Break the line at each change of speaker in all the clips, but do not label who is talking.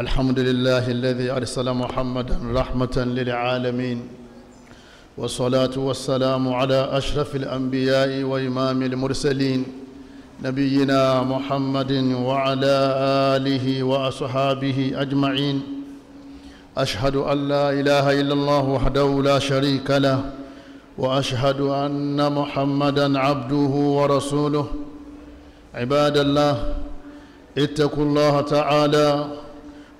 الحمد لله الذي أرسل محمدا رحمة للعالمين والصلاة والسلام على أشرف الأنبياء وإمام المرسلين نبينا محمد وعلى آله وأصحابه أجمعين أشهد أن لا إله إلا الله وحده لا شريك له وأشهد أن محمدا عبده ورسوله عباد الله اتقوا الله تعالى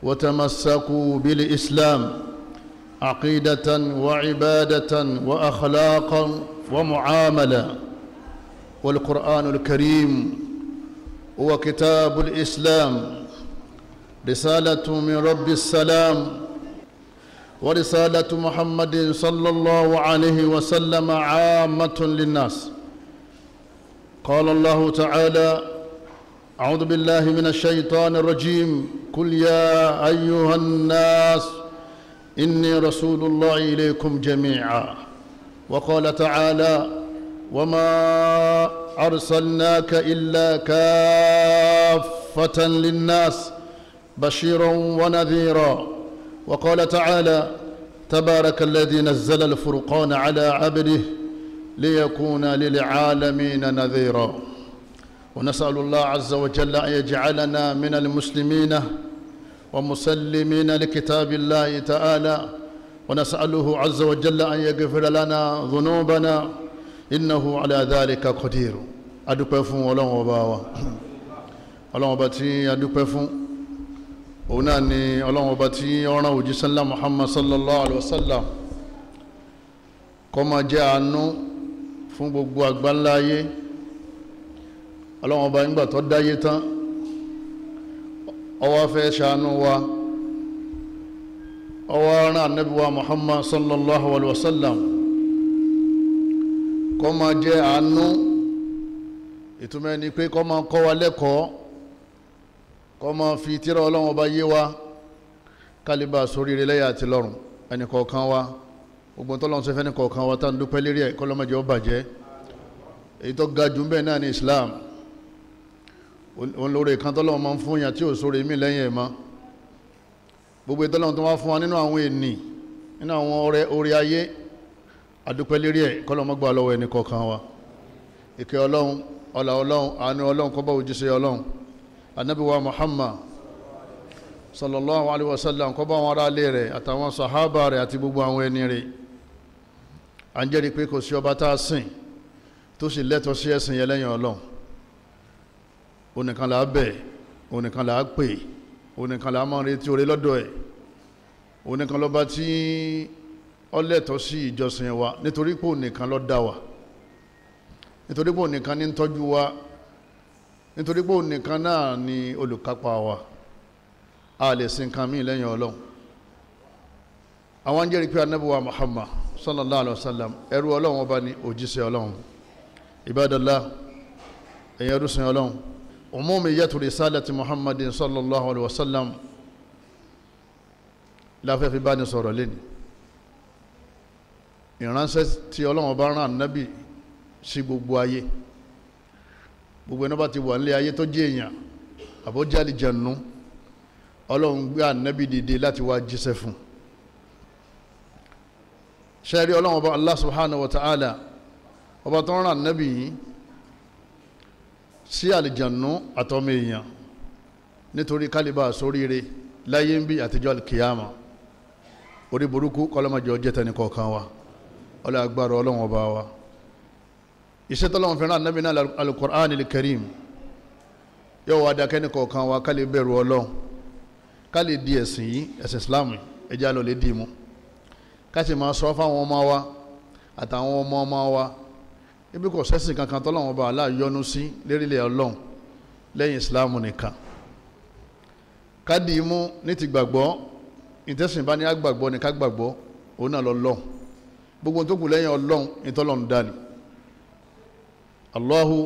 وتمسكوا بالإسلام عقيدة وعبادة وأخلاقا ومعاملة والقرآن الكريم هو كتاب الإسلام رسالة من رب السلام ورسالة محمد صلى الله عليه وسلم عامة للناس قال الله تعالى أعوذ بالله من الشيطان الرجيم قل يا أيها الناس إني رسول الله إليكم جميعا وقال تعالى وما أرسلناك إلا كافة للناس بشيرا ونذيرا وقال تعالى تبارك الذي نزل الفرقان على عبده ليكون للعالمين نذيرا ونسأل الله عز وجل أن يجعلنا من المسلمين ومسلمين لكتاب الله تعالى ونسأله عز وجل أن يغفر لنا ذنوبنا إنه على ذلك قدير adúpẹ́ fún ọlọ́run ọba wa ọlọ́run ọba tí adúpẹ́ fún òun náà ni ọlọ́run ọba tí ọ̀ràn òjísánlá muhammad sallallahu alaihi wasallam kó máa jẹ́ àánú fún gbogbo àgbáńlá ayé ọlọ́run ọba nígbà tó dáyé tán ó wá fẹ́ ṣàánú wa ó wá rán ànábì wa muhammad sallallahu alayhi wa sallam kọ́ máa jẹ́ àánú ìtumọ̀ ni pé kọ́ máa kọ́ wa lẹ́kọ̀ọ́ kọ́ máa fi tírà ọlọ́run ọba yé wa kálíbà sórí rẹ̀ àti lọ́run ẹnì kọ̀ọ̀kan wa gbogbo tọ́lọ́run sọ fẹ́ ẹnì kọ̀ọ̀kan wa tá à ń dúpẹ́ lérí ẹ̀ kọ́lọ́mọdé ó bàjẹ́ èyí tó ga jù ń bẹ̀ náà ní islam òun lóore kan tọ́lọ́wọ́ máa ń fún yàn tí ò sóore mí lẹ́yìn ẹ̀ mọ́ gbogbo ìtọ́lọ́wọ́ tó wá fún wa nínú àwọn ènì nínú àwọn ọrẹ orí ayé àdúpẹ́ lérí ẹ̀ kọ́lọ́mọ́gbà lọ́wọ́ ẹni kọ̀ọ̀kan wa ìkẹ́ ọlọ́run ọlà ọlọ́run àánú ọlọ́run kó bá òjíṣẹ́ ọlọ́run ànábì wa Muhammad sallallahu alaihi wasallam kó bá wọn ará ilé rẹ̀ àtàwọn sàhábà rẹ̀ àti gbogbo àwọn ẹni rẹ̀ à ń jẹ́rìí pé kò sí ọba tá a sìn tó sì lẹ́tọ̀ọ́ sí ẹ̀sìn yẹn lẹ́yìn ọlọ́run onìkan là á bẹ̀ onìkan là á pè onìkan la á máa retí oore lọ́dọ̀ ẹ̀ onìkan lọ́ba tí ọlẹ́tọ̀ sí ìjọsìn wa nítorí pé onìkan ló dá wa nítorí pé onìkan ní ń tọ́jú wa nítorí pé onìkan náà ni olùkápá wa a lè sin kan mí lẹ́yìn ọlọ́run àwọn jẹ́rìí pé anábíwá Muhammad sallallahu alaihi wasallam ẹrú ọlọ́run ọba ni òjíṣẹ́ ọlọ́run ibadallah ẹ̀yìn ẹrú sin ọlọ́run umumiyatu risalati muhammadin sallallahu alaihi wasallam láfẹ́ fi bá ní sọ̀rọ̀ lẹ́ni ìránṣẹ́ tí ọlọ́run bá rán ànábì sí gbogbo ayé gbogbo ẹni bá ti wà nílé ayé tó jẹ́ èèyàn àbójáde jẹ̀nu ọlọ́run gbé ànábì dìde láti wá jíṣẹ́ fún ṣẹ́rí ọlọ́run bá Allah subhanahu wa ta'ala ọba tó rán ànábì yìí sí àlìjànú àtọ́mọ èèyàn nítorí kálíbà sóríire láyé ń bí àtijọ́ alkiyama orí burúkú kọlọ́mọjọ jẹ́ta ní kọ̀ọ̀kan wa ọlọ́ agbára ọlọ́wọ́n bá wa iṣẹ́ tọ́lọ́wọ́n fẹ́ràn anábì náà alukur'an ilkarim yóò wá dákẹ́ ní kọ̀ọ̀kan wa kálí bẹ̀rù ọlọ́wọ́n kálí di ẹ̀sìn yìí ẹ̀sìn islam ẹjẹ́ àlọ́ lè dì máa sọ fáwọn ọmọ wa àtàwọn ọmọ ọmọ wa ibi kò sẹ́sìn kankan tọ́lọ́wọ́n bá aláàyọ́nú sí lérílẹ̀ ọlọ́run lẹ́yìn islam nìkan kádì imú ní ti gbàgbọ́ ìtẹ̀sìn bá ní agbàgbọ́ ní ká gbàgbọ́ òun náà lọ gbogbo tó kù lẹ́yìn ọlọ́run ìtọ́lọ́run dání allahu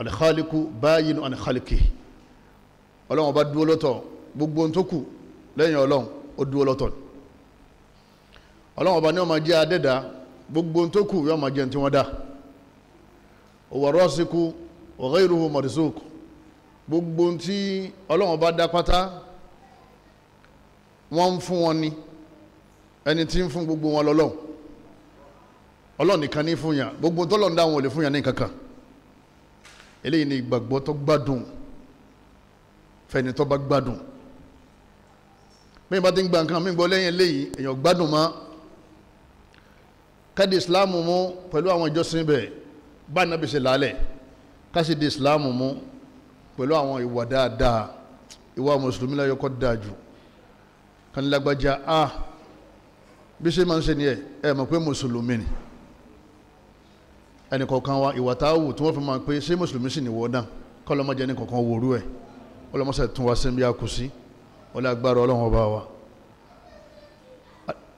alikhaliku báyìí alikhaliki ọlọ́run bá dúró lọ́tọ̀ gbogbo tó kù lẹ́yìn ọlọ́run ó dúró lọ́tọ̀ ọlọ́run bá ní ó jẹ́ adẹ́dá gbogbo tó kù yóò máa jẹ́ tí wọ́n dá òwòrọ́síkú ọ̀gẹ́rùhù mọ̀dísókù gbogbo tí ọlọ́run bá dá pátá wọ́n ń fún wọn ni ẹni tí ń fún gbogbo wọn lọ́lọ́run ọlọ́run nìkan ní fún yàn gbogbo tọ́lọ́run dáhùn ò lè fún yàn ní kankan eléyìí ni ìgbàgbọ́ tó gbádùn fẹ́ni tó bá gbádùn mi bá ń gba nǹkan mi gbọ́ lẹ́yìn eléyìí èèyàn gbádùn mọ́ káàdì ìsìláàmù mú pẹ̀lú àwọn ìjọsìn bẹ́ẹ̀ bá nàbì ṣe lálẹ̀ ká sì di islam mú pẹ̀lú àwọn ìwà dáadáa ìwà mùsùlùmí láyọ̀ kọ́ dáa jù kan a bí ṣe máa ń ṣe ni ẹ ẹ mọ̀ pé mùsùlùmí ni ẹnì kọ̀ọ̀kan wa ìwà táwù tí wọ́n fi máa ń pé ṣé mùsùlùmí sì ni wọ́n náà kọ́ lọ́mọdé ẹnì kọ̀ọ̀kan wò rú ẹ̀ ọlọ́mọṣẹ́ tún wá sí bí a kù sí ọlọ́ agbára ọlọ́run ọba wa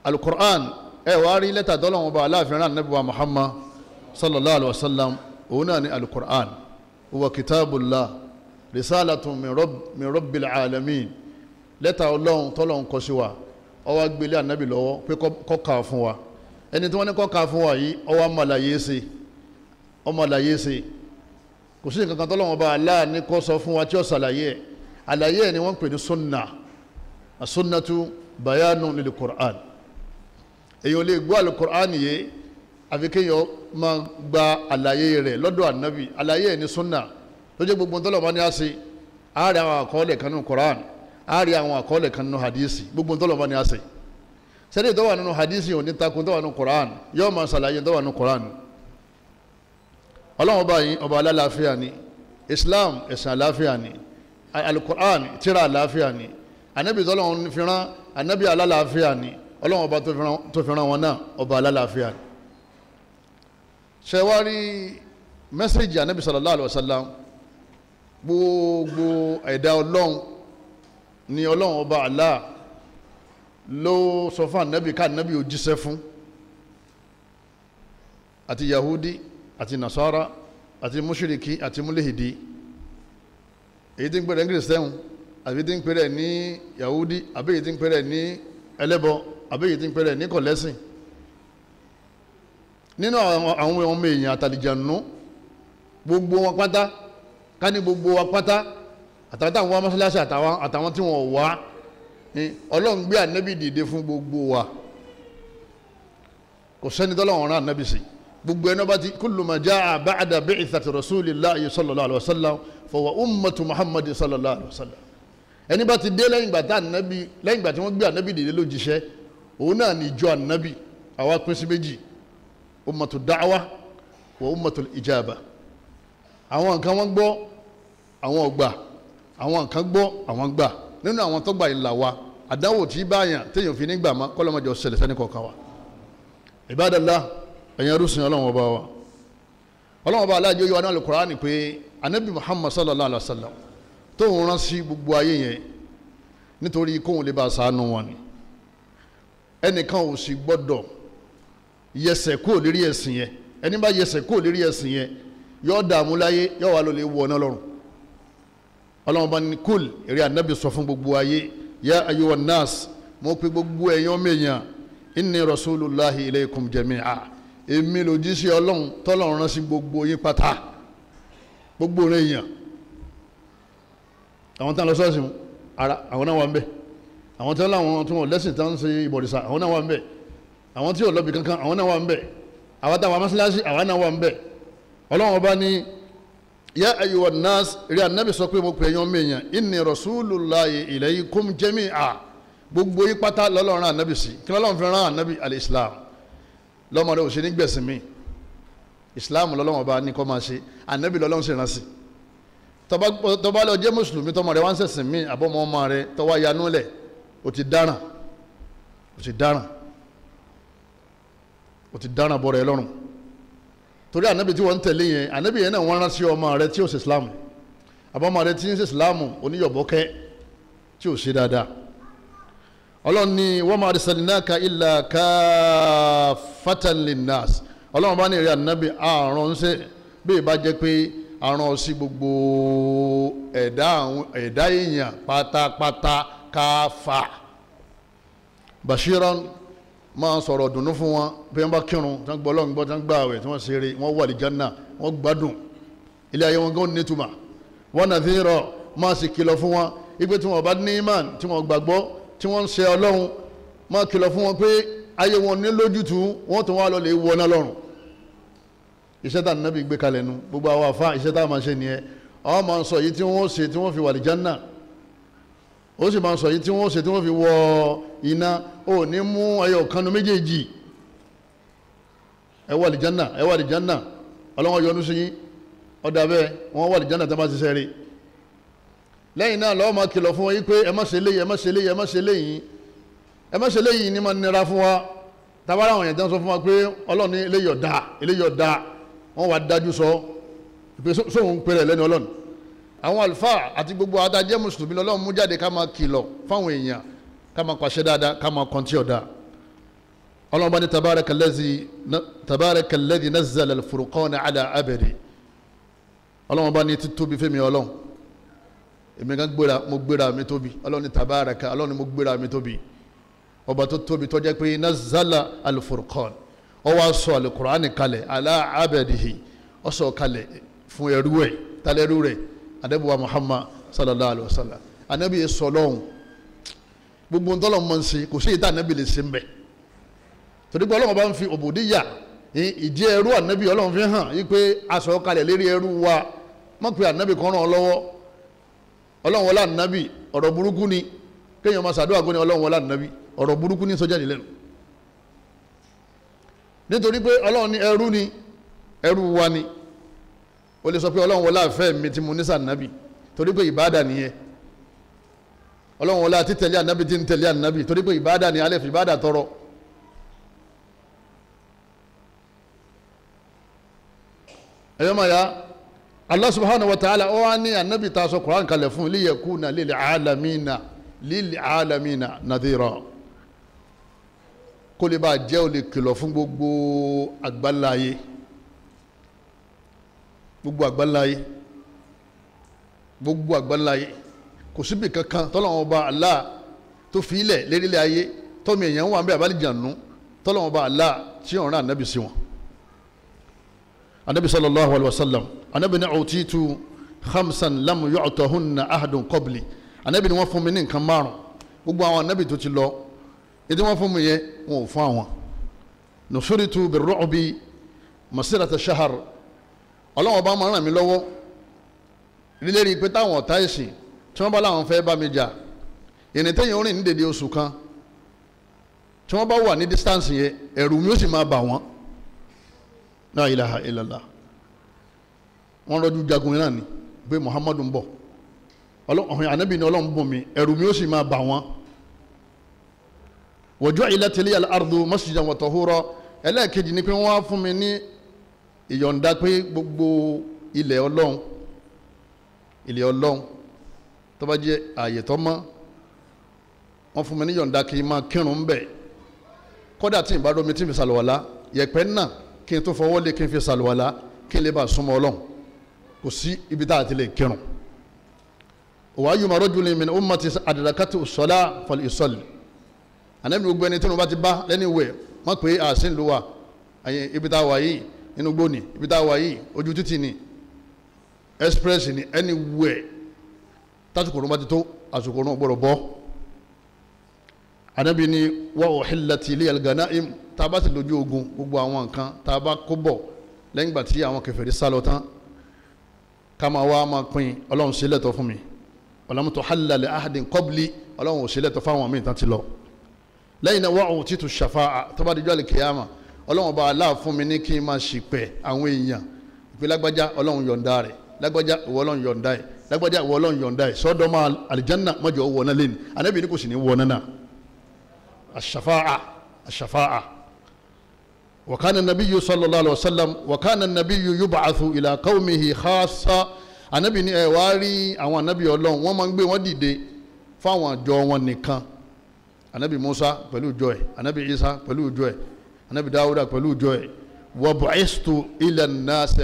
alukur'an ẹ wàá rí lẹ́tà tọ́lọ́run ọba aláàfin rán nàbí muhammad sallallahu alayhi wa sallam òun náà ni alukur'an huwa kitabullah risalatu min rabbil alamin lẹ́tà ọlọ́run tọ́lọ́run kọ sí wa ó wá gbélé ànábì lọ́wọ́ pé kó kà fún wa ẹni tí wọ́n ní kó kà fún wa yìí ó wá màlàyé sí ó màlàyé sí kò sí nǹkan kan tọ́lọ́run bá aláà ní kó sọ fún wa tí ó ṣàlàyé ẹ̀ àlàyé ẹ̀ ni wọ́n pè ní sunna as-sunnatu bayanun lil qur'an èyàn lè gbọ́ alukur'an yìí àfi kéèyàn máa gba àlàyé rẹ̀ lọ́dọ̀ ànábì àlàyé ẹ̀ ní súnà tó jẹ́ gbogbo ntọ́lọ̀ bá ní á ṣe àárẹ̀ àwọn àkọọ́lẹ̀ kan nínú Quran àárẹ̀ àwọn àkọọ́lẹ̀ kan nínú hadisi gbogbo ntọ́lọ̀ bá ní á ṣe sẹ́dẹ̀ tó wà nínú hadisi ò ní takun tó wà nínú Quran yóò máa ṣàlàyé tó wà nínú Quran ọlọ́run ọba yìí ọba alálàáfíà ni Islam ẹ̀sìn àlàáfíà ni alukur'an tírà àlàáfíà ni anabi tọ́lọ́run fi rán anabi alálàáfíà ni ọlọ́run ọba tó fi rán wọn náà ọba alálàáfíà ni ṣe wá rí mẹ́sẹ̀gì anabi sallallahu alayhi wa sallam gbogbo ẹ̀dá ọlọ́run ni ọlọ́run ọba Allah ló sọ fún anabi ká anabi ò jíṣẹ́ fún àti yahudi àti nasara àti mushiriki àti mulehidi èyí tí ń pèrè ní kìrìsìtẹ́hùn àbí tí ń pèrè ní yahudi àbí èyí tí ń pèrè ní ẹlẹ́bọ àbí èyí tí ń pèrè ní kọ̀lẹ́sìn nínú àwọn ọmọ èèyàn àtàlìjànú gbogbo wọn pátá ká ní gbogbo wa pátá àtàwọn táwọn wá mọ́ṣáláṣí àtàwọn tí wọ́n wá ọlọ́run gbé ànábì dìde fún gbogbo wa kò sẹ́ni tọ́lọ́run rán ànábì sí gbogbo ẹni ọba ti kullu ma jaa ba'da bi'thati rasulillahi sallallahu alaihi wasallam fawa ummatu muhammadin sallallahu alaihi wasallam ẹni bá ti dé lẹ́yìn ìgbà tí ànábì lẹ́yìn ìgbà tí wọ́n gbé ànábì dìde lójíṣẹ́ òun náà ní ìjọ ànábì àwa pín sí méjì ummatu da'wa wa ummatu ijaba àwọn nǹkan wọ́n gbọ́ àwọn ọgbà àwọn nǹkan gbọ́ àwọn gbà nínú àwọn tó gbà ìlà wa àdáwò tí báyàn téèyàn fi nígbà má kọ́lọ́mọdé ọ̀sẹ̀ lẹ́sẹ̀ ní kọ̀ọ̀kan wa ibadallah ẹ̀yin arúsìn ọlọ́run ọba wa ọlọ́run ọba aláàjọ yọ anáàlú kuraani pé anabi muhammad sallallahu alaihi wa sallam tóun rán sí gbogbo ayé yẹn nítorí kóun lè bá a sànú wọn ni ẹnìkan ò sì gbọ́dọ̀ yẹsẹ̀ kúrò lérí ẹ̀sìn yẹn ẹni bá yẹsẹ̀ kúrò lérí ẹ̀sìn yẹn yọ dààmú láyé yọ wà lólè wọ náà lọ́rùn ọlọ́run bá ní kúl eré anabi sọ fún gbogbo ayé ya ayuwa nas mo pe gbogbo ẹ̀yàn mẹ́yàn inni rasulillahi ilaykum jami'a èmi lòjíṣẹ́ ọlọ́run tọ́lọ́run rán sí gbogbo yín pátá gbogbo rẹ̀ yàn àwọn tán lọ sọ́ọ̀sì ara àwọn náà wà ń bẹ̀ àwọn tán láwọn tún lẹ́sìn tán ń ṣe ìbọ̀rìṣà àwọn náà wà ń bẹ̀ àwọn tí ò lọ́bi kankan àwọn náà wà ń bẹ̀ àwọn táwọn amásíláṣí àwọn náà wà ń bẹ̀ ọlọ́run ní yá ayuwa nas rí anabi sọ pé mo pè yán mèèyàn inni rasulullahi ilaykum jami'a gbogbo yí pátá lọ́lọ́run anabi sí kí lọ́lọ́run fi rán anabi al-islam lọ́mọdé ò sí ní gbẹ̀sìn mi islam lọ́lọ́run ọba ní kọ́ máa ṣe anabi lọ́lọ́run sì rán sí tọba lọ jẹ́ mùsùlùmí tọmọ rẹ wá ń ṣẹ̀sìn mi àbọ̀mọ́ ọmọ rẹ tọwọ́ yanú lẹ̀ ò ti dáràn ò ti dáràn o ti dáná bọ̀rọ̀ ẹ lọ́rùn torí ànábì tí wọ́n ń tẹ̀lé yẹn ànábì yẹn náà wọ́n rán sí ọmọ rẹ tí ò sí islam àbọ̀mọ rẹ tí ń sí islam oníyọ̀bọ̀kẹ́ tí ò sí dáadáa ọlọ́run ni wọ́n máa arsalnaka illa kaffatan linnas ọlọ́run bá ní ìrẹ́ ànábì àrùn ṣe bí ìbá jẹ́ pé àrùn sí gbogbo ẹ̀dá èèyàn pátápátá káfà bashiran máa sọ̀rọ̀ dùnú fún wọn bí wọ́n bá kírun tí wọ́n gbọ́ ọlọ́run gbọ́ tí wọ́n gbà àwẹ̀ tí wọ́n ṣeré wọ́n wà lìjánà wọ́n gbádùn ilé ayé wọn gan nítumà wọ́n nà fi ń rọ máa sì kìlọ̀ fún wọn ipe tí wọ́n bá ní imán tí wọ́n gbàgbọ́ tí wọ́n ń ṣe ọlọ́run máa kìlọ̀ fún wọn pé ayé wọn ní lójútùú wọ́n tún wá lọ lè wọná lọ́rùn iṣẹ́ tá nàbí gbé kalẹ̀ nu gbogbo fi wà lìjánà ó sì máa ń sọ yìí fi wọ iná O ní mú ẹyọ kanu méjèèjì ẹ wà lè jánà ẹ wà lè jánà ọlọ́wọ́n yọ́nú sí yín ọ̀dà bẹ́ẹ̀ wọ́n wà lè jánà tó bá ti sẹ́rí lẹ́yìn náà lọ́wọ́ máa kìlọ̀ fún wọn yí pé ẹ má ṣe léyìí ẹ má ṣe léyìí ẹ má ṣe léyìí ẹ má ṣe léyìí ni máa nira fún wa tabara àwọn èèyàn sọ fún wa pé ọlọ́run ní eléyìí ọ̀dà eléyìí ọ̀dà wọ́n wá dájú sọ pé sóhun ń pèrè lẹ́nu ọlọ́run àwọn àlùfáà àti gbogbo adájẹ́ mùsùlùmí lọ́lọ́run mú jáde ká máa kìlọ̀ fáwọn èèyàn ká máa pàṣẹ dáadáa ká máa kọ́ntì ọ̀dà ọlọ́run bá ní tabaraka alladhi nazzala al-furqana ala abdi ọlọ́run bá ní títóbi fẹ́mi ọlọ́run èmi kan gbéra mo gbéra mi tóbi ọlọ́run ní tabaraka ọlọ́run ní mo gbéra mi tóbi ọba tó tóbi tó jẹ́ pé nazzala al-furqan ó wá sọ al-Qur'ani kalẹ̀ ala abdihi ó sọ fún ẹrú ẹ̀ tálẹ́rú rẹ̀ anabi Muhammad sallallahu alayhi wa sallam anabi sọlọ́hún gbogbo ń tọ́lọ̀ mọ̀ ń ṣe kò sí ìta ànábì lè ṣe ń bẹ̀ torí pé ọlọ́run bá ń fi òbòdíyà ìdí ẹrú ànábì ọlọ́run fi hàn yí pé aṣọ kalẹ̀ lérí ẹrú wa mọ̀ pé ànábì kan ràn ọ́ lọ́wọ́ ọlọ́run wọlé ànábì ọ̀rọ̀ burúkú ni kéèyàn máa ṣàdúrà gbóni ọlọ́run wọlé ànábì ọ̀rọ̀ burúkú ni sọ́jà nílẹ̀ nítorí pé ọlọ́run ni ẹrú ni ẹrú wa ni o lè sọ pé ọlọ́run wọlé àfẹ́ mi ti mu nísà ànábì torí pé ìbáàdà nìyẹn ọlọ́run ọlá títẹ̀lé ànábì tí ń tẹ̀lé ànábì torí pé ìbáàdà ni alẹ́ fi ìbáàdà tọrọ ẹ̀yọ́ máa ya Allah subhanahu wa ta'ala ó wá ní ànábì tá a sọ Qur'an kalẹ̀ fún liyakuna lil alamina lil alamina nadhira kó lè bá a jẹ́ olè kìlọ̀ fún gbogbo àgbáláyé gbogbo àgbáláyé gbogbo àgbáláyé kò síbi kankan tọ́lọ́wọ́n ọba Allah tó fi ilẹ̀ lérílẹ̀ ayé tọ́mi èèyàn wà ń bẹ àbálìjànú tọ́lọ́wọ́n ọba Allah tí ò ń rán ànábì sí wọn. ànábì sallallahu alayhi wa sallam ànábì ní utitu khamsan lam yu'tahunna ahadun qabli ànábì ni wọ́n fún mi ní nǹkan márùn gbogbo àwọn ànábì tó ti lọ ètò wọ́n fún mi yẹn wọn ò fún àwọn. nusuritu birru'bi masirata shahar ọlọ́wọ́n ọba máa ràn mí lọ́wọ́ lérí pé táwọn ọ̀tá ẹ̀sìn tí wọ́n bá láwọn fẹ́ bá mi jà ìrìn téèyàn rìn osu oṣù kan tí wọ́n bá wà ní distance yẹn ẹ̀rù mi ó sì máa bà wọ́n la ilaha illallah wọ́n rọ́jú jagun náà ni pé Muhammadu ń bọ̀ ọ̀hún anabi ni mi ẹ̀rù mi ó sì máa bà wọ́n ardu ẹlẹ́ẹ̀kejì ni pé wọ́n á gbogbo ilẹ̀ ilẹ̀ tó bá jẹ́ ààyè tó mọ́ wọ́n fún mi ní yọ̀ǹda kí n máa kírun ń bẹ̀ kódà tí n bá lómi tí n fi sàlùwàlá yẹ̀pẹ̀ náà kí n tó fọwọ́ lé kí n fi sàlùwàlá kí n lè bá a súnmọ́ ọlọ́run kò sí ibi tá a ti lè kírun wa ayyuma rajulin min ummati adrakatu as-salah falyusalli ànábi gbogbo ẹni tí wọn bá ti bá lẹ́ni wẹ̀ wọ́n pè àṣìn ló wà ibi tá a wà yìí inú gbóni ibi tá a wà yìí ojú títì ni express ni anywhere tásìkò ọ̀run bá ti tó àsìkò ọ̀run gbọ́dọ̀ bọ́ anabi ni wa uhillati liyal ganaim tá a bá ti lójú ogun gbogbo àwọn nǹkan tá a bá kó bọ̀ lẹ́yìn ìgbà tí àwọn kèfèrí sá lọ tán ká máa wá máa pín ọlọ́run ṣe lẹ́tọ̀ fún mi ọlọ́run tó halla li ahadin qabli ọlọ́run ò ṣe lẹ́tọ̀ fáwọn míì tán ti lọ lẹ́yìn náà wa utitu shafa'a tó bá dijọ́ àlìkèyàmà ọlọ́run ọba aláàfún mi ní kí n máa ṣìpẹ̀ àwọn èèyàn ìpínlẹ̀ agbájá yọ̀ǹda rẹ̀ lágbájá ìwọ Ọlọ́run yọ̀ǹda ẹ̀ lágbájá ìwọ Ọlọ́run yọ̀ǹda ẹ̀ sọ́dọ̀mọ́ àlìjánná mọ́jọ́ wọ̀ náà lẹ́nu ànábì ní kò sì ní wọ̀ náà àṣàfáà àṣàfáà وكان النبي صلى الله عليه وسلم وكان النبي يبعث إلى قومه خاصة anabi ni ẹ wá rí àwọn anabi Ọlọ́run wọ́n máa ń gbé wọn dìde fáwọn àjọ wọn nìkan anabi Musa pẹ̀lú ìjọ ẹ̀ anabi Isa pẹ̀lú ìjọ ẹ̀ anabi Dawuda pẹ̀lú ìjọ ẹ̀ wa ila an-nasi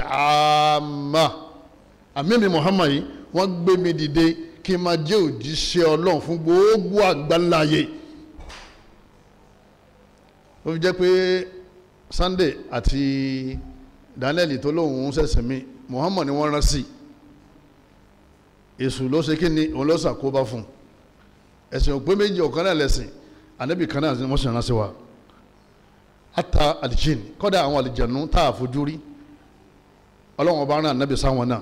àmìmì Muhammad yìí wọ́n gbé mi dìde kí n máa jẹ́ òjíṣẹ́ ọlọ́run fún gbogbo àgbáláyé ó fi jẹ́ pé Sunday àti Daniel tó lóun ṣẹ̀ṣẹ̀ mi Muhammad ni wọ́n rán sí èṣù ló ṣe kí ni òun ló ṣàkóbá fún ẹ̀sìn òpé méjì ọ̀kan náà lẹ̀sìn ànábì kan náà wọ́n ṣèrànṣẹ́ sí wa ata alijin kọ́dà àwọn àlìjẹ̀nu tá a fojú rí ọlọ́run ọba rán ànábì sáwọn náà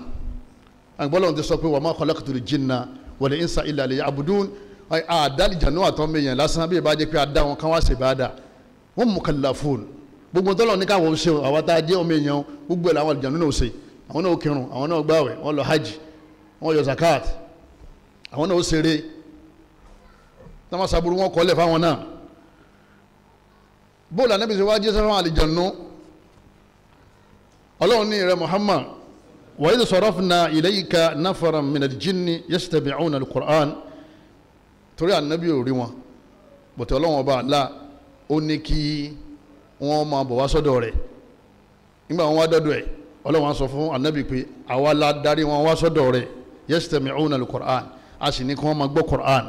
àgbọ̀lọ́run ti sọ pé wa ma khalaqtul jinna wal insa illa liya'budun àdálìjànú àtọ́mọ èèyàn lásán bí ìbá jẹ́ pé adá wọn kán wá ṣe bá dà wọ́n mukallafun gbogbo tọ́lọ̀ ní káwọn ṣe àwọn tá a jẹ́ ọmọ èèyàn gbogbo ẹ̀ làwọn àlìjànú náà ṣe àwọn náà kírun àwọn náà gbààwẹ̀ wọ́n lọ hajj wọ́n yọ zakat àwọn náà ó ṣeré táwọn wọn kọ́lẹ̀ fáwọn náà bóòlù anábìsí wájú sẹ́fọ́n àlìjànú ọlọ́run ní ìrẹ Muhammad وإذ صرفنا إليك نفرا من الجن يستمعون القرآن torí ànábì ò rí wọn bọ̀tẹ́ ọlọ́run ọba àlá ó ní kí wọ́n máa bọ̀ wá sọ́dọ̀ rẹ̀ nígbà wọn wá dọ́dọ̀ ẹ̀ ọlọ́run á sọ fún ànábì pé àwa la darí wọn wá sọ́dọ̀ rẹ̀ yastami'una al-Qur'an a sì ní kí wọ́n máa gbọ́ Qur'an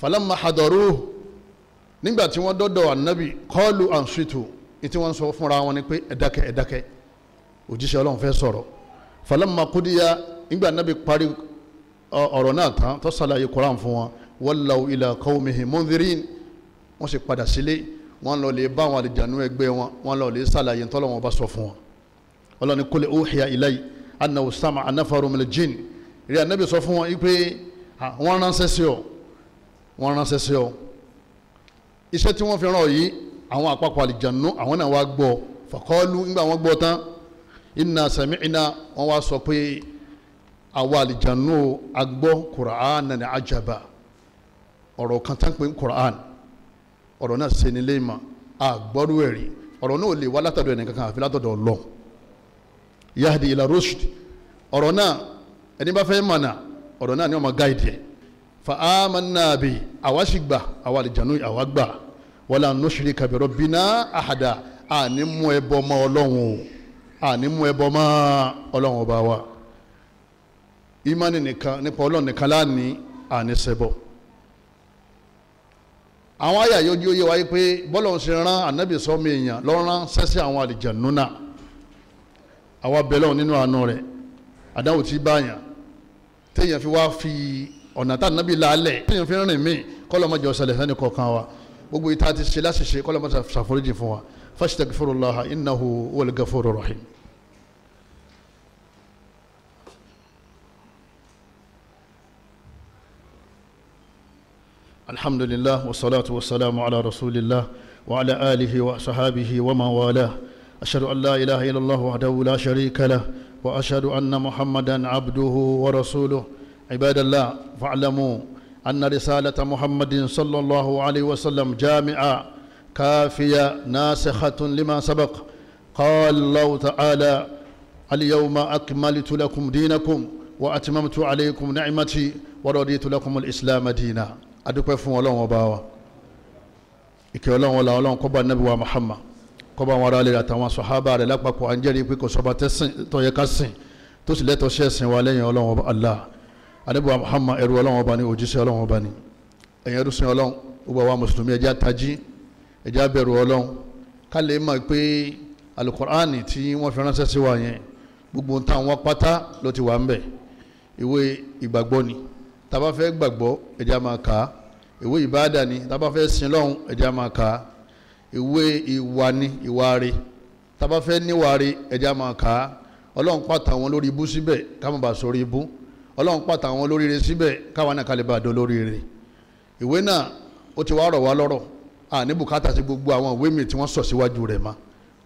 falamma hadaruhu nígbà tí wọ́n dọ́dọ̀ ànábì qalu ansitu ètí wọ́n sọ fúnra wọn ni pé ẹ dákẹ́ ẹ dákẹ́ òjíṣẹ́ ọlọ́run fẹ́ sọ̀rọ̀ falamma kudiya nígbà náà bí parí ọ̀rọ̀ náà tán tó ṣàlàyé koran fún wọn wallaw ila qawmihi mundhirin wọ́n sì padà sílé wọ́n lọ lè bá àwọn àlejànú ẹgbẹ́ wọn wọ́n lọ lè ṣàlàyé tọ́lọ́wọ́n bá sọ fún wọn ọlọ́ni qul uhiya ilay annahu sama'a nafaru minal jinn ìrìn ànábì sọ fún wọn pé wọ́n ránṣẹ́ sí ọ wọ́n ránṣẹ́ sí ọ iṣẹ́ tí wọ́n fi rán ọ yìí àwọn àpapọ̀ àlejànú àwọn náà wá gbọ́ faqalu nígbà wọ́n gbọ́ tán inna sami'na wọn wá sọ pé àwa àlìjánu agbọ́ quran nani ajaba ọ̀rọ̀ kan tán pé quran ọ̀rọ̀ náà ṣe ní léèmà àgbọ́rú ẹ̀rí ọ̀rọ̀ náà ò lè wá látọ̀dọ̀ ẹnì kankan àfi látọ̀dọ̀ Ọlọ́run yahdi ila rushd ọ̀rọ̀ náà ẹni bá fẹ́ mọ̀nà ọ̀rọ̀ náà ni wọ́n máa gáìdì ẹ̀ fa amanna àwa sì gbà àwa àlìjánu àwa gbà wala nushrika bi rabbina ahada àní mú ẹbọ mọ́ Ọlọ́run o àní mú ẹbọ mọ́ ọlọ́run ọba wa ìmánì nìkan nípa ọlọ́run nìkan láàní àní ṣẹbọ àwọn àyà yóò di oyè wáyé pé bọ́lọ̀hún ṣe rán ànábì sọ́mi èèyàn lọ́rán sẹ́sẹ́ àwọn àlìjànú náà àwa bẹ̀lọ́ nínú àánú rẹ̀ àdáwò tí báyàn téèyàn fi wá fi ọ̀nà tá ànábì lálẹ̀ téèyàn fi rìn mí kọ́lọ́mọjọ ṣẹlẹ̀ sẹ́ni kọ̀ọ̀kan wa gbogbo ìta ti ṣe láṣìṣe kọ́lọ́mọjọ ṣàforíjì fún wa فاستغفروا الله إنه هو الغفور الرحيم الحمد لله والصلاة والسلام على رسول الله وعلى آله وصحابه ومن والاه أشهد أن لا إله إلا الله وحده لا شريك له وأشهد أن محمدا عبده ورسوله عباد الله فاعلموا أن رسالة محمد صلى الله عليه وسلم جامعة كافية ناسخة لما سبق قال الله تعالى اليوم أكملت لكم دينكم وأتممت عليكم نعمتي ورضيت لكم الإسلام دينا أدوكوا فون الله وباوا ìkẹ́ ọlọ́run ọlá ọlọ́run kó bá nábì wa Muhammad kó bá wọn ara rẹ̀ àtàwọn sọ̀hábà rẹ̀ lápapọ̀ à ń jẹ́rìí pé kò sọ́ba tẹ́sìn tó yẹ ká sìn tó sì lẹ́tọ̀ọ́ sí ẹ̀sìn wa lẹ́yìn ọlọ́run ọba Allah ànábì wa Muhammad ẹrú ọlọ́run ọba ni òjíṣẹ́ ọlọ́run ọba ni ẹ̀yin ẹrú sin ọlọ́run gbogbo àwa mùsùlùmí ẹjẹ́ àtají ẹ̀já bẹ̀rù ọlọ́run ká lè mọ̀ pé alukur'ani tí wọ́n fi ránṣẹ́ sí wa yẹn gbogbo ń tàn wọ́n pátá ló ti wà ń bẹ̀ ìwé ìgbàgbọ́ ni tá bá fẹ́ gbàgbọ́ ẹ̀já máa kà á ìwé ìbáàdà ni tá bá fẹ́ sin lọ́hùn ẹ̀já máa kà á ìwé ìwà ni ìwà rẹ̀ tá bá fẹ́ níwà máa kà á ọlọ́run pàtà wọn lórí ibú síbẹ̀ káwọn bá sọ̀rọ̀ ibú ọlọ́run pàtà wọn lórí ire síbẹ̀ káwọn náà kalẹ̀ bá dọ̀ lórí ire ìwé náà ó ti wá rọ̀ wá lọ́rọ̀ a ní bùkátà sí gbogbo àwọn ìwé mi tí wọ́n sọ síwájú rẹ̀ ma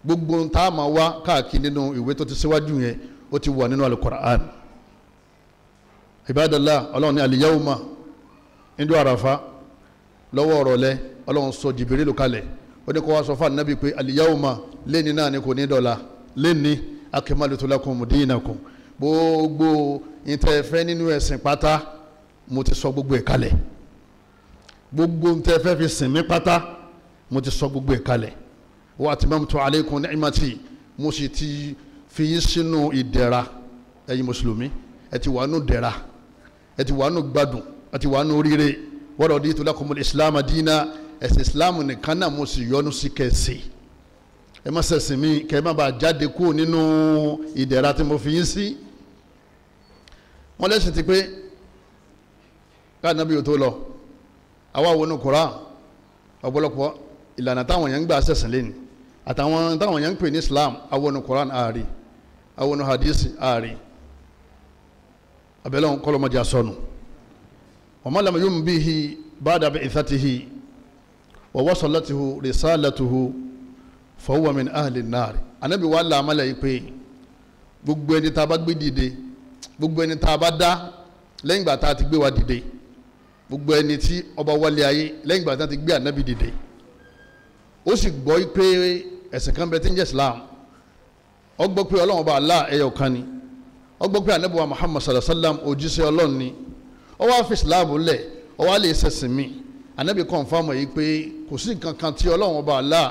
gbogbo tá a máa wá káàkiri nínú ìwé tó ti síwájú yẹn ó ti wà nínú alukur'an ibadala ọlọ́run ní aliyahuma indu arafa lọ́wọ́ ọ̀rọ̀lẹ́ ọlọ́run sọ jìbìrì ló kalẹ̀ ó ní kó wá sọ fún anabi pé aliyahuma lẹ́ni náà ni kò ní dọ̀la lẹ́ni akimalitu lakum gbogbo ìtẹ̀fẹ́ nínú ẹ̀sìn pátá mo ti sọ gbogbo ẹ̀ kalẹ̀ gbogbo ntẹ fẹ́ fi sìn mí pátá mo ti sọ gbogbo ẹ̀ kalẹ̀ wa atmamtu alaykum ni'mati mo sì ti fi yín sínú ìdẹ̀ra ẹ̀yin mùsùlùmí ẹ ti wà nù dẹ̀ra ẹ ti wà nù gbádùn ẹ ti wà nù oríire wa raditu lakumul islam dina ẹ̀sìn islam nìkan náà mo sì yọ́nú sí kẹsì ẹ má ṣẹ̀sìn mi kẹ́ ẹ má bàa jáde kú nínú ìdẹ̀ra tí mo fi yín sí wọ́n lẹ́sìn ti pé káà nábì yóò tó lọ àwa wo ni Quran ọ̀pọ̀lọpọ̀ ìlànà táwọn yẹn ń gbà sẹ̀sìn lẹ́nu àtàwọn táwọn yẹn ń pè ní Islam àwọn ni Quran ààrí àwọn ni hadith ààrí abẹ́lẹ́ wọn kọ́lọ́mọdé asọ́nu wọ́n mọ̀lẹ́mọ̀ yóò mú bí hi báadà bẹ́ẹ̀ ìfẹ́tìhì wọ́n wọ́sọ̀ látìhù rìsálàtìhù fọwọ́min ahli nari anabi wa lamala yi pé gbogbo ẹni tá a bá gbé dìde gbogbo ẹni tá a bá dá lẹ́yìn ìgbà tá a ti gbé wa dìde gbogbo ẹni tí ọba wálé ayé lẹ́yìn ìgbà tí wọ́n ti gbé ànábì dìde ó sì gbọ́ pé ẹ̀sìn kan bẹ tí ń jẹ́ Islam ó gbọ́ pé ọlọ́run ọba Allah ẹyọ kan ni ó gbọ́ pé ànábì Muhammad sallallahu alayhi wa sallam òjíṣẹ́ ọlọ́run ni ó wá fi Islam lẹ̀ ó wá lè ṣẹ̀sìn mi ànábì confirm yìí pé kò sí nǹkan kan tí ọlọ́run ọba Allah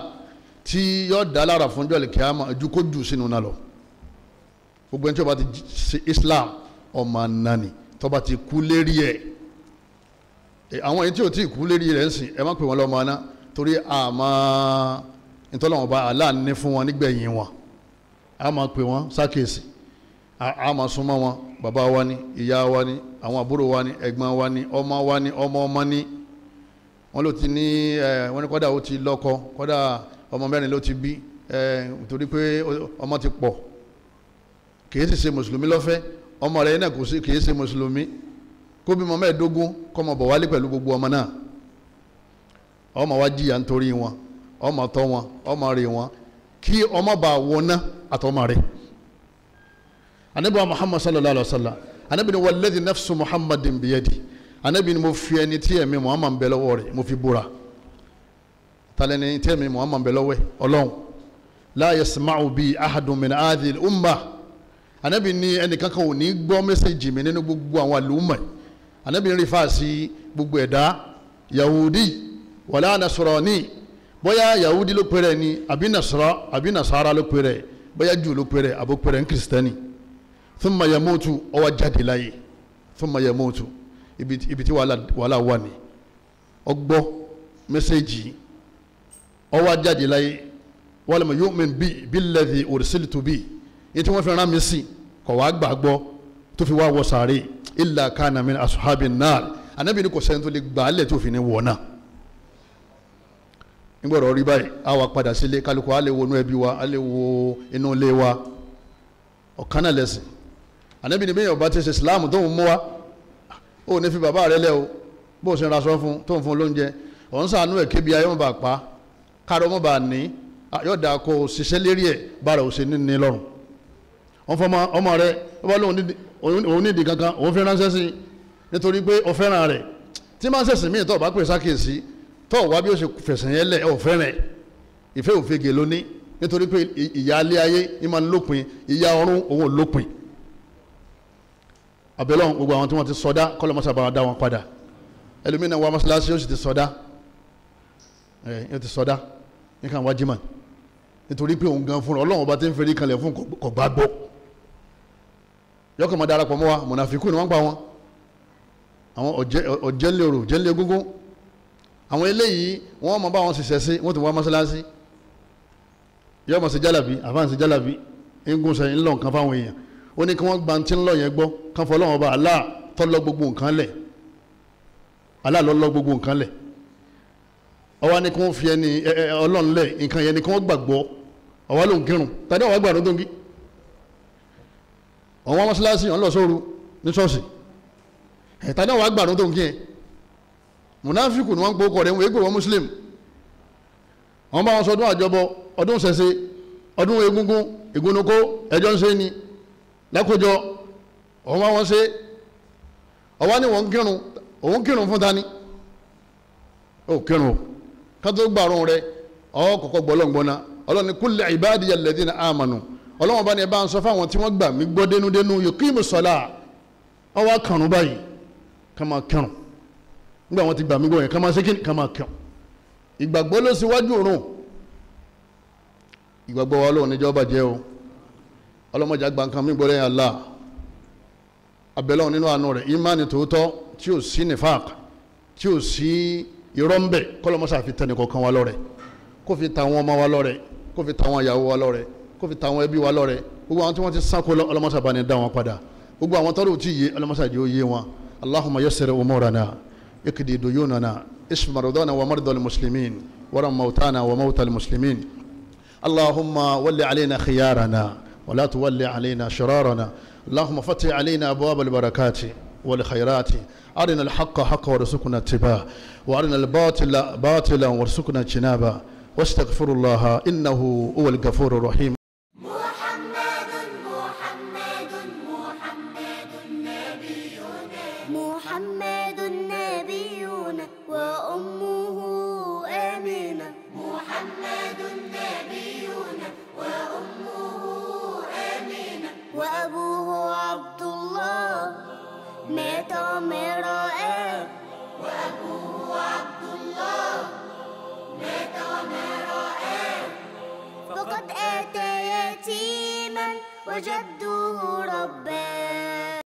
tí yóò dá lára fún jọ́lẹ̀ kíámà ju kó jù sínú náà lọ gbogbo ẹni tí ó ti ṣe Islam ọmọ nani tó bá ti kú lérí ẹ̀ Eh, àwọn yìí tí ò tí ì kú lérí rẹ̀ ń sìn ẹ má pè wọ́n lọ́mọ aná torí àmọ́ ntọ́lọ́wọ́n bá aláàní fún wọn nígbẹ̀yìn wọn a máa pè wọ́n sákèsì a máa súnmọ́ wọn bàbá wa ni ìyá wa ni àwọn àbúrò wa ni ẹ̀gbọ́n wa ni ọmọ wa ni ọmọ ọmọ ni wọ́n ló ti ní ẹ wọ́n ní kọ́dà ó ti lọ́kọ kọ́dà ọmọ mẹ́rin ló ti bí ẹ torí pé ọmọ ti pọ̀ kì í sì ṣe mùsùlùmí lọ́fẹ́ ọmọ rẹ̀ yẹn náà kì í ṣe mùsùlùmí kó bímọ mẹ́ẹ̀ẹ́dógún kọ́mọ bọ̀ wálé pẹ̀lú gbogbo ọmọ náà ọmọ wa jìyà nítorí wọn ọmọ tọ́ wọn ọmọ rè wọn kí ọmọ bá wọná àtọmọ rẹ̀ anabi wa muhammad sallallahu alaihi wa sallam anabi ni walladhi nafsu muhammadin biyadi anabi ni mo fi ẹni tí ẹ̀mí muhammad bẹ lọ́wọ́ rẹ̀ mo fi búra talẹni tí ẹ̀mí muhammad bẹ lọ́wọ́ ọlọ́run la yasma'u bi ahadun min adil umma anabi ni ẹnìkankan ò ní gbọ́ mẹ́sẹ̀jì mi nínú gbogbo àwọn àlùmọ̀ anabi ń rìfà sí gbogbo ẹ̀dá yahudi wàlá nasarani bóyá yahudi ló pèrè ni àbí nasara àbí nasara ló pèrè bóyá jù ló pèrè àbó pèrè ń kìrìsìtẹ́nì thumma yamutu ó wá jáde láyé thumma yamutu ibi tí wàhálà wà ní ọgbọ́ mẹ́sẹ̀gì ó wá jáde láyé walam bi billadhi ursiltu bi yìí tí wọ́n fi rán mi sí kọ̀ wá gbàgbọ́ tó fi wá wọ sàárè illa kana min ashabin nar anabi ni kò sẹ́ni tó lè gbà á lẹ̀ tó fi ní wọ̀ náà nígbọ̀rọ̀ rí báyìí a wà padà sílé kálukú a lè wo inú ẹbí wa a lè wo inú ilé wa ọ̀kan náà lẹ́sìn anabi ni bẹ́ẹ̀ ọba ti ṣe islam tó ń mú wa ó ní fi bàbá rẹ lẹ́ o bó o ṣe raṣọ fún tó ń fún lóúnjẹ òun sànú ẹ̀ kébi ayé wọn bá pa kárọ̀ wọn bá ní yọ̀ọ̀dà kó o ṣiṣẹ́ lérí ẹ̀ bára ò ṣe ní ní lọ́rùn wọ́n fọmọ ọmọ rẹ̀ ó bá lóun nídìí kankan òun fi ránṣẹ́ sí nítorí pé ó fẹ́ràn rẹ̀ tí máa ń sẹ̀sìn míì tó bá pè sákèsí tó wá bí ó ṣe fẹ̀sìn yẹn lẹ̀ ó fẹ́ràn ìfẹ́ òfegè lónìí nítorí pé ìyà alẹ́ ayé ní máa ń lópin ìyà ọ̀run òun ò lópin abẹ́lọ́hún gbogbo àwọn tí wọ́n ti sọdá kọ́lọ́ mọ́sá bá wọn dá wọn padà ẹlòmínà wa mọ́sálásí ó sì ti sọdá ẹ ẹ ti sọdá nǹkan wájú mọ́ nítorí pé òun gan fúnra ọlọ́run ọba ti ń ferí kalẹ̀ fún kò gbàgbọ́ yọkàn máa darapọ̀ mọ́ wa mọ̀nàfíkù ni wọ́n ń pa wọn àwọn ọ̀jẹ̀lẹ̀ òrò ọ̀jẹ̀lẹ̀ egúngún àwọn eléyìí wọ́n máa bá wọn ṣiṣẹ́ sí wọ́n ti wá mọ́ṣáláṣí yọọ máa ṣe jálàbí àfáàṣe jálàbí ń sẹ́yìn ńlọ nǹkan fáwọn èèyàn ó ní kí wọ́n gba ti ńlọ yẹn gbọ́ kán fọ́ lọ́wọ́ bá Allah tó lọ gbogbo nǹkan lẹ̀ Allah ló lọ gbogbo nǹkan lẹ̀ ọwọ́ ni kí wọ́n fi ẹni ọlọ́run lẹ̀ nǹkan yẹn ni kí wọ́n gbàgbọ́ ọwọ́ ló ń kírun tani ọwọ́ gbàdúndùn bíi ọ̀n wá mọ́ṣáláṣí ọ̀n lọ sóru ní ṣọ́ọ̀ṣì ẹ̀ta náà wàá gbàdún tó ń kí ẹ mùnáfíkù ni wọ́n ń pò kọ̀ rẹ̀ wọ́n wọn muslim wọ́n bá wọn sọ ọdún àjọbọ ọdún ṣẹṣe ọdún egungun ìgúnnukó ẹjọ́ ń ni lákòjọ wọn ṣe ọwọ́ ni wọ́n ń kírun òun kírun fún tani ó kírun gbàrún rẹ kọ̀kọ́ ọlọ́ni ọlọ́wọ́n bá ní ẹ bá ń sọ fáwọn tí wọ́n gbà mí gbọ́ dénúdénú yuqimu salah wọ́n wá kànú báyìí ká máa kẹrùn nígbà wọn ti gbà mí gbọ́ yẹn ká máa sékìn ká máa kẹrùn ìgbàgbọ́ ló síwájú òrùn ìgbàgbọ́ wa lóun níjọ́ bàjẹ́ o ọlọ́mọdé àgbà nǹkan mi gbọ́dọ̀ yẹn Allah abẹ́lẹ́ nínú àánú rẹ̀ ìmánì tòótọ́ tí ò sí nifaq tí ò sí irọ́ ń bẹ̀ fi tẹnìkọ̀ọ̀kan wa lọ́rẹ̀ kó fi ta àwọn ọmọ wa lọ́rẹ̀ kó fi ta àwọn ìyàwó wa lọ́rẹ̀ kó fi ta àwọn ẹbí wa lọ́rẹ gbogbo àwọn tí wọ́n ti sáko ọlọ́mọṣà bá ní dá wọn padà gbogbo àwọn tọ́lù tí yé ọlọ́mọṣà jẹ́ òye wọn allahumma yassir umurana ikdi duyunana ismi wa maradol muslimin waram mautana wa mautal muslimin allahumma walli alayna khiyarana ولا تولي علينا شرارنا اللهم فتح علينا أبواب البركات والخيرات أرنا الحق حقا وارزقنا اتباعه وأرنا الباطل باطلا وارزقنا اجتنابه واستغفر الله إنه هو الغفور الرحيم وجدوه رباه